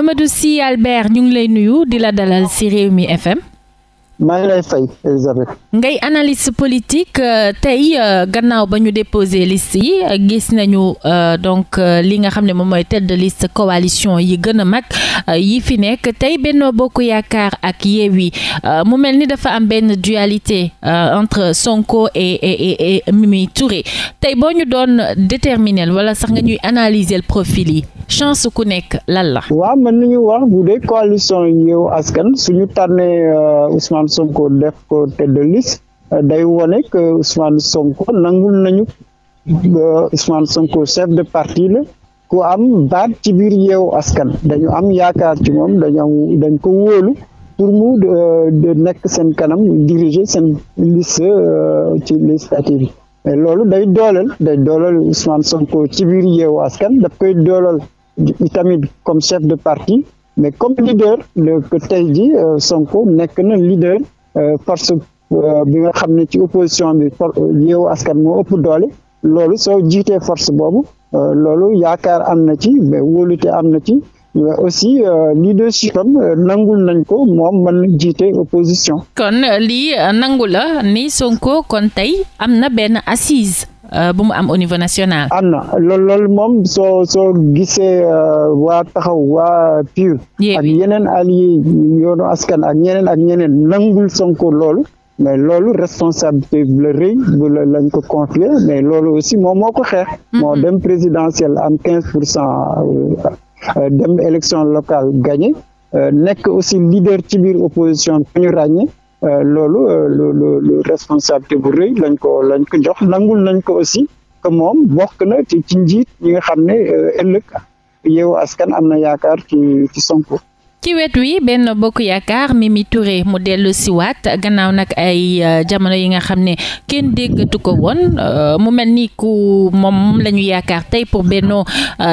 Mamadou Sy Albert ñu ngi lay nuyu di la dalal ci mi FM. maa ngi lay fay Elisabeth. ngay analyste politique euh, tey euh, gannaaw ba ñu déposé liste yi gis nañu euh, donc li nga xam ne moom mooy tête de liste coalition yi gën a mag yi fi nekk tey Benno Bokk Yaakaar ak Yewwi mu mel ni dafa am benn dualité entre Sonko et et Mimi Touré tey boo ñu doon déterminel wala sax nga ñuy analyser profil yi chance ku nekk lan la. waaw mën nañu wax bu dee coalition Yewwi Askan suñu tànnee Ousmane. Ousmane Sonko def ko tête de day wone que Ousmane Sonko nangul nañu euh, Ousmane Sonko chef de parti la ko am baat ci biir yeewu askan dañu am yaakaar ci moom dañu dañ ko wóolu pour mu euh, de nekk seen kanam diriger seen liste euh, ci législative yi loolu day dooleel day dooleel Ousmane Sonko ci biir yeewu askan daf koy dooleel itamit comme chef de parti mais comme leader que tey jii euh, Sonko nekk na leader euh, force euh, bi nga xam ne ci opposition bi Yewwi Askan moo ëpp doole loolu soo jiitee force boobu loolu yaakaar am na ci wóolute am na ci aussi leadership am nangul nañ ko moom man na jiite opposition. kon lii nangu la ni Sonko kon tey am na benn assise Euh, bu mu am au niveau national. am na loolu loolu moom soo soo gisee euh, waa taxaw waa PUR. ak yeneen alliés yoonu askan ak ñeneen ak ñeneen nangul Sonko loolu. mais loolu responsabilité bu la rëy bu ko confié mais loolu aussi moom moo ko xeex. Mm-hmm. moo dem présidentielle am quinze pour cent euh, dem élection locale gagné. nekk aussi leader ci biir opposition bu ñu ràññee. Euh, loolu lu lu lu bu rëy lañ ko lañ ko jox nangul nañ ko aussi que moom bokk na ci ci njiit ñi nga xam ne euh, ëllëg yeewu askan am na yaakaar ci ci Sonko. ci wet wi benn bokk yaakaar mi ture mu dellu siwaat gannaaw nag ay euh, jamono yi nga xam ne kenn déggatu ko woon mu mel ni ku moom la yaakaar tey pour benno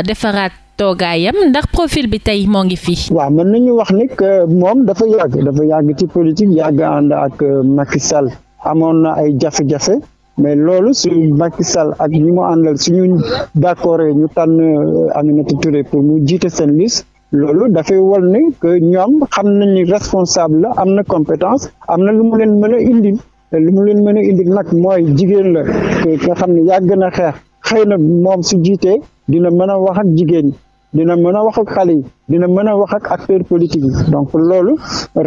defaraat toogaayam ndax profil bi tey moo ngi fi. waaw mën nañu wax ni que moom dafa yàgg dafa yàgg ci politique yàgg ànd ak euh, Macky Sall amoon na ay jafe-jafe. mais loolu su Macky Sall ak ñi mu àndal suñu d'accord ñu tànn euh, Aminata Touré pour mu jiite seen liste loolu dafay wol ni que ñoom xam nañ ni responsable am na compétence am na lu mu leen mën a indil lu mu leen mën a indil nag mooy jigéen la nga xam ne yàgg na xeex xëy na moom su jiitee dina mën a wax ak jigéen ñi dina mën a wax ak xale dina mën a wax ak acteur politique yi donc loolu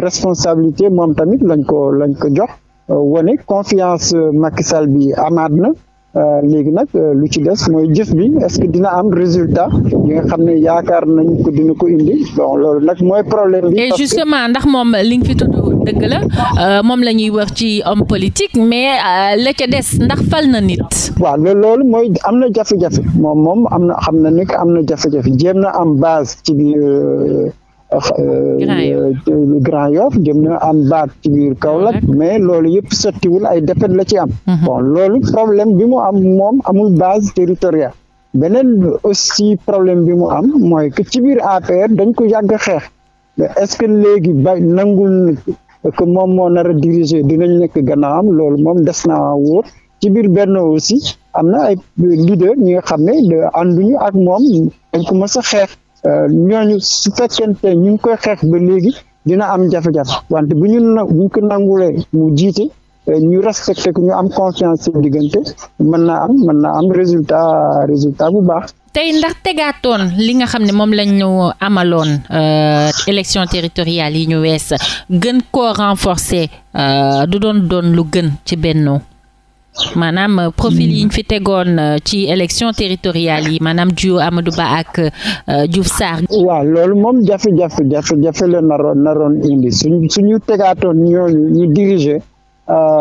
responsabilité moom tamit lañ ko lañ ko jox euh, wane confiance euh, Macky Sall bi na Euh, léegi nag euh, lu ci des mooy jëf bi est-ce que dina am résultat yi nga xam ne yaakaar nañ ko dina ko indi bon loolu nag mooy problème bi. et justement ndax moom li nga fi tudd dëgg la euh, moom la ñuy wax ci homme politique mais la des ndax fal na nit. waaw loolu mooy am na jafe-jafe moom moom am na xam na ni am na jafe-jafe jéem na am base ci biir. Euh, Grand Yoff jëm na am baag ci biir kaw Kaolack mais loolu yëpp sottiwul ay défaite la ci am mhm. bon loolu problème bi mu am moom amul base territoriale beneen aussi problème bi mu am mooy que ci biir APR dañ ko yàgg xeex est-ce que léegi ba nangul que moom moo nar a diriger dinañ nekk am loolu moom des naa wóor ci biir benn aussi am na ay leader ñi nga xam ne ànduñu ak moom dañ ko mës a xeex Euh, ñooñu su fekkente ñu ngi koy xeex ba léegi dina am jafe-jafe wante bu ñu na bu ñu nangulee mu jiite euh, ñu respecté ku ñu am confiance seen diggante mën naa am mën naa am résultat résultat bu baax. tey ndax tegaatoon li nga xam ne moom lañ ñu amaloon euh, élection territoriale yi ñu wees gën koo renforcer du doon doon lu gën ci Benno maanaam euh, profil hmm. yi ñu fi tegoon euh, ci élection territoriale yi maanaam Diou Amadou Ba ak euh, Diouf Sarr. waaw loolu moom jafe-jafe jafe-jafe la naroon naroon indi suñ ñu tegaatoon ñooñu ñu diriger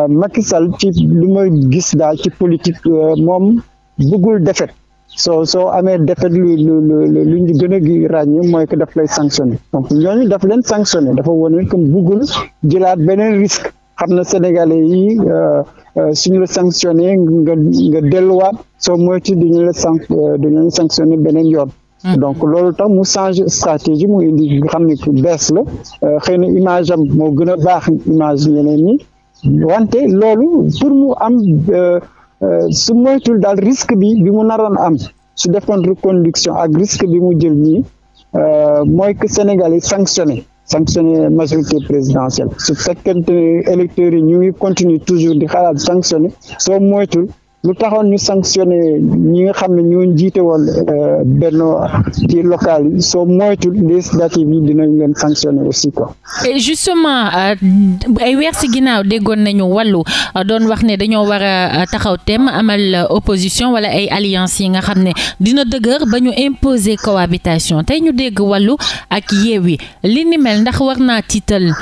Macky Sall ci lu may gis daal ci politique moom bëggul defet soo soo amee défaite lu lu lu lu ñu gën a gi ràññee mooy que daf lay sanctionné donc ñooñu daf leen sanctionné dafa wane comme bëggul jëlaat beneen risque xam na Sénégalais yi. Euh, suñu la sanctionné nga nga delluwaat soo moytu duñu la san euh, duñu la sanctionné beneen yoon. Hmm. donc loolu tax mu changé stratégie mu indi nga xam ne ku bees la euh, xëy na image am moo gën a baax image yeneen nii wante loolu pour mu am su moytul daal risque bi bi mu naroon am su defoon reconduction ak risque bi mu jël ñii mooy que Sénégal yi sanctionné sanctionné majorité présidentielle su fekkente ne électeurs yi ñu ngi continuer toujours di xalaat sanctionné soo moytul lu taxoon ñu sanctionné ñi nga xam ne ñoo jiite woon euh, benno ci local yi soo moytul législative yi dinañ leen sanctionné aussi ko et justement euh, ay weer si ginnaaw déggoon nañu wàllu euh, doon wax ne dañoo war a taxaw tem amal opposition wala ay alliance yi nga xam ne dina dëggër ba ñu imposer cohabitation tey ñu dégg wàllu ak Yewwi li ni mel ndax war naa tiital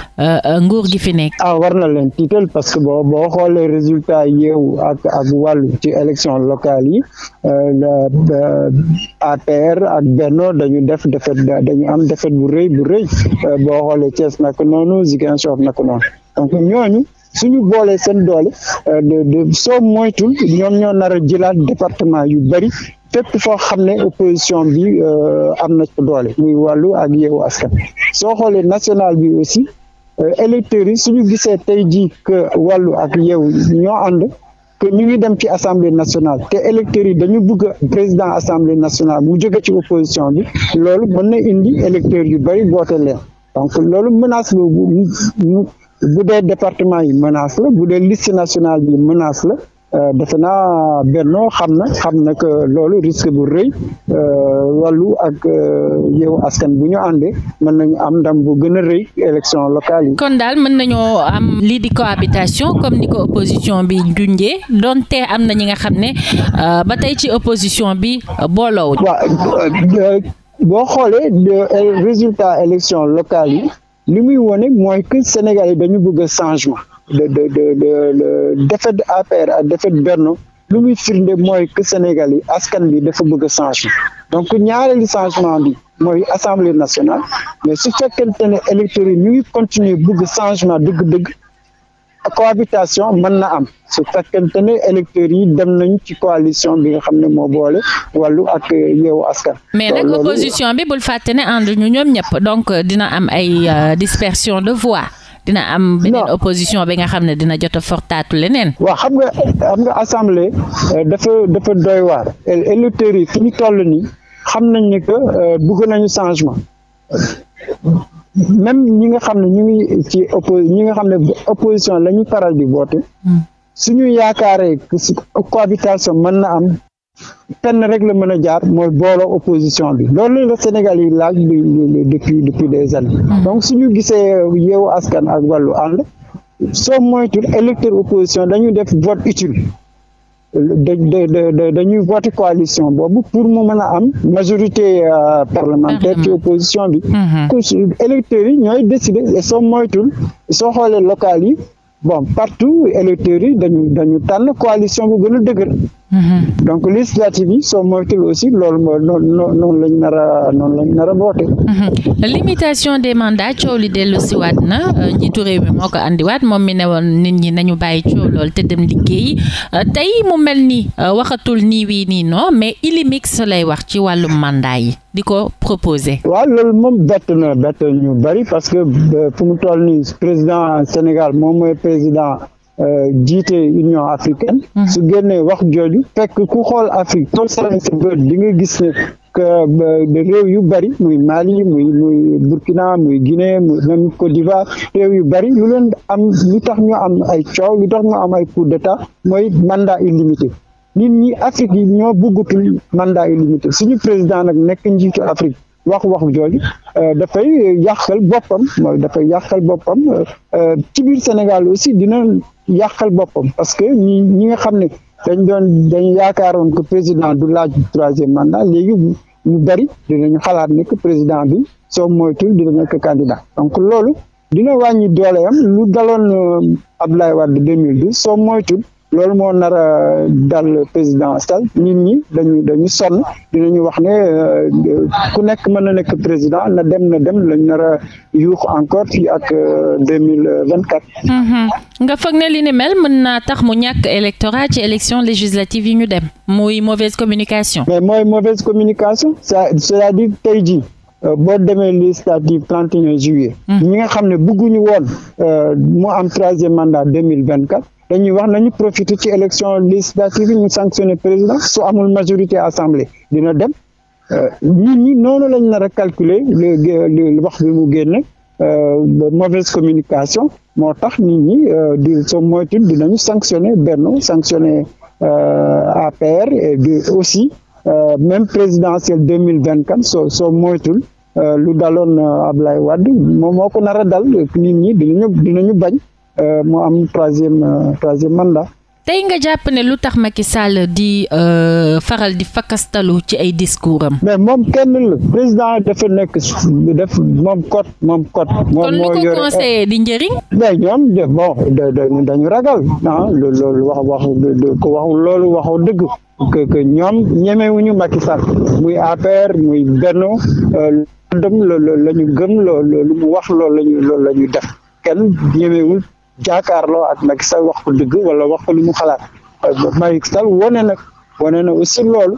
nguur gi fi nekk. ah war na leen tiital parce que boo boo xoolee résultat Yewwi ak ak wàllu. ci élection locale yi euh, APR ak Benno dañu def defet dañu am defet bu rëy bu rëy euh, boo xoolee Thiès naka noonu Ziguinchor naka noonu donc ñooñu suñu boolee seen doole euh, soo moytul ñoom ñoo nar a jëlaat département yu bari fépp foo xam ne opposition bi am na ci doole muy wàllu ak yeewu askan soo xoolee national bi aussi électeurs yi suñu gisee tey jii que wàllu ak yeewu ñoo ànd que ñu ngi dem ci assemblée nationale te électeurs yi dañu bëgg président assemblée nationale mu jóge ci opposition bi loolu mën na indi électeurs yu bëri boote leen donc loolu menace boobu bu dee département yi menace la bu dee liste nationale bi menace la Euh, defe naa Benno xam na xam na que loolu risque bu rëy euh, wàllu ak euh, yow askan bu ñu àndee mën nañu am ndam bu gën a rëy élection locale yi. kon daal mën nañoo am lii di cohabitation comme ni ko opposition bi junjee donte am na ñi nga xam ne ba tey ci opposition bi booloo. boo xoolee résultat élection locale yi li muy wone mooy que Sénégal yi dañu bëgg changement. de affaire de de défaite ak défaite Benno lu muy firnde mooy que Sénégal yi askan bi dafa bëgg a donc ñaareelu changement bi mooy assemblée nationale mais su fekkente ne électeurs yi ñu ngi continuer bëgg changement dëgg-dëgg cohabitation man na am su fekkente ne yi dem nañ ci coalition bi nga xam ne moo boole wàllu ak yeewu askan. mais nag opposition bi bul fàtte ne ànd ñu ñoom ñëpp donc dina am ay euh, dispersion de voix. dina am beneen opposition bi nga xam ne dina jot a fortaatu leneen waa xam nga xam nga assemblée euh, dafa dafa doy waar électeurs yi ñu toll nii xam nañ ne que euh, bëgg nañu changement même ñi nga xam ne ñu ngi ci ñi nga xam ne opposition la ñu faral di voter hmm. suñu yaakaaree cohabitation mën na am penn rek la mën a jaar mooy booloo opposition bi loolu la Sénégal yi laaj depuis depuis des années hmm. donc ñu gisee yeewu askan ak wàllu ànd soo moytul électeur opposition dañu def vote utile da dañuy vote coalition boobu pour mu mën a am majorité euh, parlementaire ci hmm. opposition bi hmm. électeurs yi ñooy décider et soo moytul soo xoolee local yi bon partout électeurs yi dañu dañu tànn coalition bu gën a dëgër Mm-hmm. donc législative bi soo moytul aussi loolu mooy noonu noonu lañ nar a noonu lañ nara a boote. Mm-hmm. limitation des mandats coow li dellu si waat na euh, njiitu réew moo ko andiwaat moom mi ne woon nit ñi nañu bàyyi coow lool te dem liggéeyi euh, tey mu mel ni euh, waxatul nii wii nii non mais ilimix lay wax ci wàllum mandat yi di ko proposé. waaw loolu moom bett na bett ñu bari parce que fu mu toll nii président Sénégal moom mooy président. Euh, jiite Union africaine. Mm-hmm. su génnee wax jooju fekk ku xool Afrique tool sànni sa di nga gis ne euh, réew yu bari muy Mali muy muy Burkina muy Guinée muy même d'Ivoire réew yu bari lu leen am lu tax ñu am ay cow lu tax ñu am ay coup d'état mooy mandat illimité. nit ñi Afrique yi ñoo bëggatul mandat illimité suñu président nag nekk njiitu Afrique wax wax jooju euh, dafay yàqal boppam mooy dafay yàqal boppam ci biir Sénégal aussi dina yàqal boppam parce que ñi ñi nga xam ne dañ doon dañ yaakaaroon que président du laaj troisième mandat léegi ñu bëri dinañu xalaat ne que président bi soo moytul dina nekk candidat donc loolu di dina wàññi dooleem lu daloon euh, Abdoulaye Wade 2012 soo moytul loolu moo nar dal président Sall nit ñi dañu dañu sonn dinañu wax ne euh, ku nekk mën na nekk président na dem na dem lañ nar a yuux encore fii ak euh, deux mille vingt quatre. Mhm. nga foog ne li ni mel mën naa tax mu ñàkk électorat ci élection législative yi ñu dem muy mauvaise communication. mais mooy mauvaise communication c'est-à-dire tey jii. Euh, boo demee législative 31 juillet. Mhm. ñi nga xam ne bëgguñu woon mu am troisième mandat deux mille vingt dañuy wax nañu profiter ci élection législative ñu sanctionné président soo amul majorité assemblée dina dem euh, nit ñi noonu lañ nar a calculer li wax bi mu génne euh, mauvaise communication moo tax nit ñi euh, di soo moytu dinañu sanctionné benn sanctionné APR et bi aussi même présidentielle deux mille vingt quatre soo soo moytul lu daloon Ablaye Wade moom moo ko nar dal nit ñi dinañu dinañu bañ. Euh, moo am troisième euh, troisième mandat. tey nga jàpp ne lu tax Macky Sall di euh, faral di fakastalu ci ay discours am. mais moom kenn la président dafa nekk def moom kot moom kot. moom moo yore kon lu ko conseillé di njëriñ. mais ñoom bon dañu ragal ah, wax wax ko loolu waxoo dëgg. que que ñoom ñemewuñu Macky Sall muy APR muy Benno dem loolu la ñu gëm lu mu wax loolu la ñu loolu la ñu def kenn ñemewul. jaakaarloo ak Macky Sall wax ko dëgg wala wax ko lu mu xalaat Macky Sall wane nag wane na aussi loolu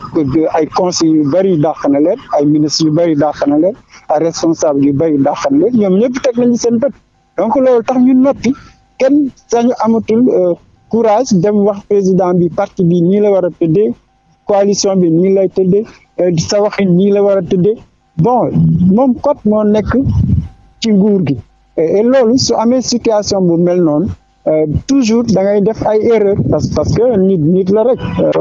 ay conseil yu bëri dàq na leen ay ministres yu bëri dàq na leen ay responsables yu bëri dàq na leen ñoom ñëpp teg nañu seen bët donc loolu tax ñu noppi kenn sañu amatul euh, courage dem wax président bi parti bi nii la war a tëddee coalition bi nii lay tëddee euh, sa waxin nii la war a tëddee bon moom kot moo nekk ci nguur gi et loolu su amee situation bu mel noonu euh, toujours da ngay def ay erreur parce parce que nit nit la rek euh,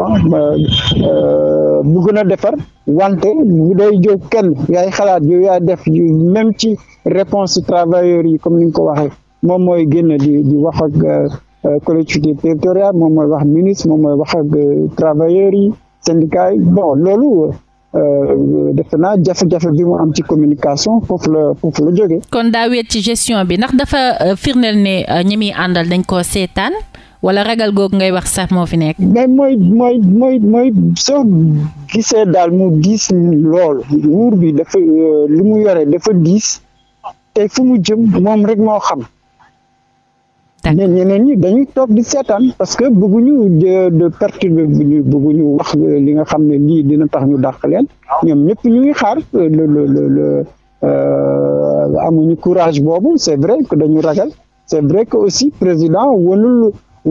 euh, bu gën a defar wante bu day jóg kenn yaay xalaat yow yaa def même ci réponse travailleurs yi comme ni nga ko waxee moom mooy génn di di wax ak collectivité territoriale moom mooy wax ministre moom mooy wax ak yi syndicats yi bon loolu Euh, defe naa jafe-jafe bi mu am ci communication foofu la foofu la jógee. kon daa weet ci gestion bi ndax dafa euh, firndeel ne euh, ñi muy àndal dañ ko seetaan wala ragal googu ngay wax sax moo fi nekk. mais mooy mooy mooy mooy soo gisee daal mu diis lool wuur bi dafa lu mu yore dafa diis te fu mu jëm moom rek moo xam. mais ñeneen ñi dañuy toog di seetaan parce que bëgguñu de de perturber ñu bëgguñu wax euh, li nga xam ne lii dina tax ñu dàq leen ñoom ñëpp ñuy xaar euh, le le le euh, amuñu courage boobu c'est vrai que dañu ragal c'est vrai que aussi président wanul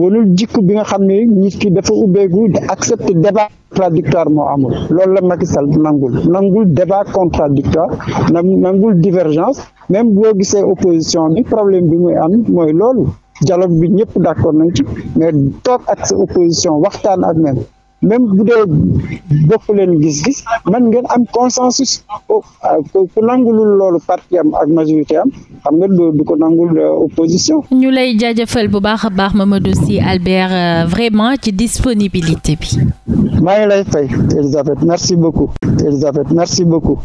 wanul jikko bi nga xam ne nit ki dafa ubbeeku accepter débat contradictoire moo amul loolu la Macky Sall nangul nangul débat contradictoire nangul divergence même boo gisee opposition bi problème bi muy am mooy loolu dialogue bi ñëpp d'accord nañ ci mais toog ak sa opposition waxtaan ak même même bu dee bokk leen gis-gis man ngeen am consensus euh, ku nangulul loolu parti am ak majorité am xam nga doo du ko nangul euh, opposition. ñu lay jaajëfal bu baax a baax ma ma Mamadou Sy Albert euh, vraiment ci disponibilité bi. maa ngi lay fay Elisabeth merci beaucoup Elisabeth merci beaucoup.